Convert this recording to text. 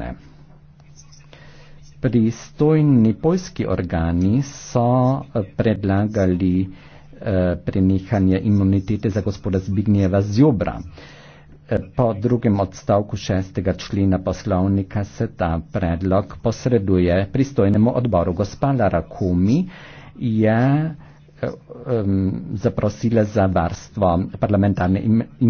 zakone. Pristojni poljski organi so eh, predlagali eh, prenehanje imunitete za gospoda Zbignjeva z jubra. Eh, po drugem odstavku šestega člena poslovnika se ta predlog posreduje pristojnemu odboru. Gospa Lara Kumi je um, zaprosila za varstvo parlamentarne imunitete.